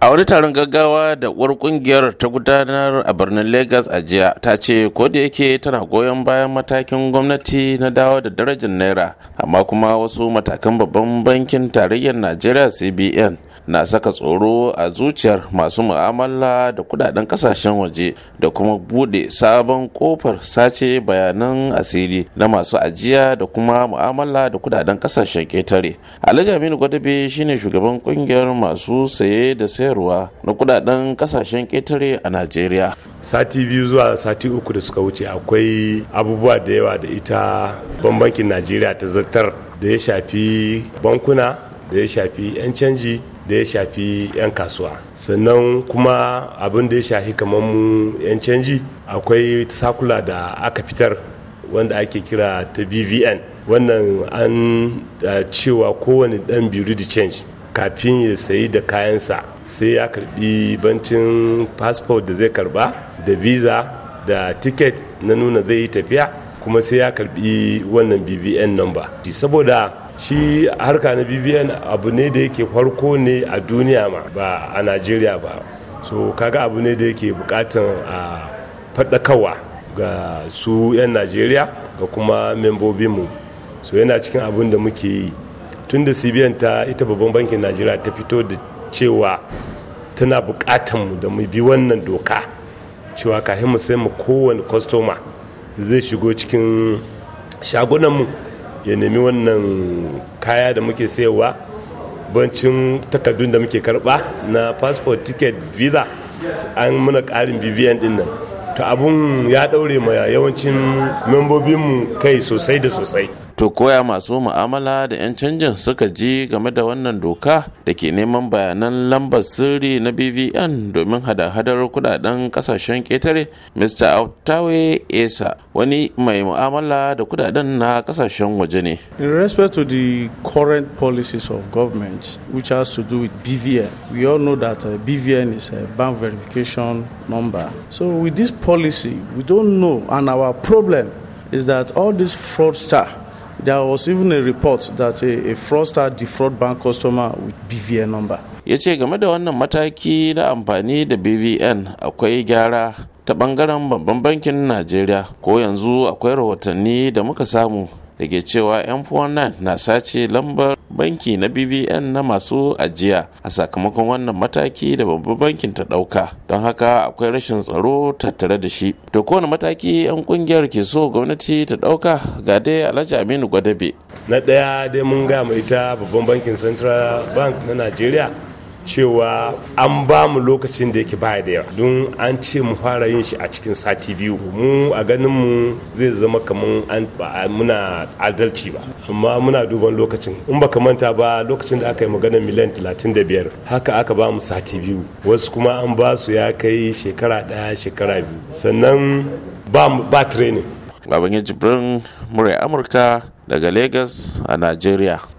a wani taron gaggawa da uwar kungiyar ta gudanar a birnin lagos a jiya ta ce ko da yake tana goyon bayan matakin gwamnati na dawo da darajar naira amma kuma wasu matakan babban bankin tarayyar najeriya cbn na saka tsoro a zuciyar masu mu'amala da kudaden kasashen waje da kuma bude sabon kofar sace bayanan asiri na masu ajiya da kuma mu'amala da kudaden kasashen ketare alhaji aminu gwadabe shine shugaban kungiyar masu saye da sayarwa na kudaden kasashen ketare a najeriya sati biyu zuwa sati uku da suka wuce akwai abubuwa da yawa da ita banbankin najeriya ta zartar da ya shafi bankuna da ya shafi 'yan canji da ya shafi 'yan kasuwa sannan kuma abin da ya shafi kamar mu 'yan canji akwai sakula da aka fitar wanda ake kira ta bvn wannan an cewa kowane dan biyu da change kafin ya sayi da kayansa sai ya karbi bancin passport da zai karba da visa da ticket na nuna zai yi tafiya kuma sai ya karbi wannan bvn number saboda shi harka na bbn abu ne da yake farko ne a duniya ma ba a najeriya ba so kaga abu ne da yake bukatan a faɗakawa ga su 'yan najeriya ga kuma membobinmu so yana cikin abin da muke yi tun da cbn ta ita babban bankin najeriya ta fito da cewa tana bukatan mu da mu bi wannan doka cewa kafin mu sai mu kowane kwastoma zai shigo cikin shagunanmu mu ya nemi wannan kaya da muke sayarwa bancin takardun da muke karba na passport ticket visa an muna karin bvn din nan to abun ya daure ma yawancin membobinmu kai sosai da sosai to koya masu mu'amala da 'yan canjin suka ji game da wannan doka da ke neman bayanan lambar sirri na bvn domin hada-hadar kudaden kasashen ketare mr autawe esa wani mai mu'amala da kudaden na kasashen waje ne in respect to the current policies of government which has to do with bvn we all know that uh, bvn is a bank verification number so with this policy we don't know and our problem is that all these fraudsters there was even a report that a, a fraudster defraud bank customer with BVN number. Ya ce game da wannan mataki na amfani da BVN akwai gyara ta bangaren babban bankin Najeriya ko yanzu akwai rahotanni da muka samu da ke cewa 'yan 49 na sace lambar banki na bbn na masu ajiya a sakamakon wannan mataki da babban bankin ta ɗauka don haka akwai rashin tsaro tattare da shi Da kowane mataki 'yan kungiyar ke so gwamnati ta ɗauka ga dai alhaji aminu gwadabe na ɗaya dai mun ga gama ita babban bankin central bank na najeriya cewa an ba mu lokacin da yake baya da yawa don an ce mu fara yin shi a cikin sati biyu mu a ganin mu zai zama kamar an muna adalci ba amma muna duban lokacin in ka manta ba lokacin da aka yi magana miliyan 35 haka aka ba mu sati biyu wasu kuma an ba su ya kai shekara daya shekara biyu sannan ba ba training baban ya jibrin murai amurka daga lagos a nigeria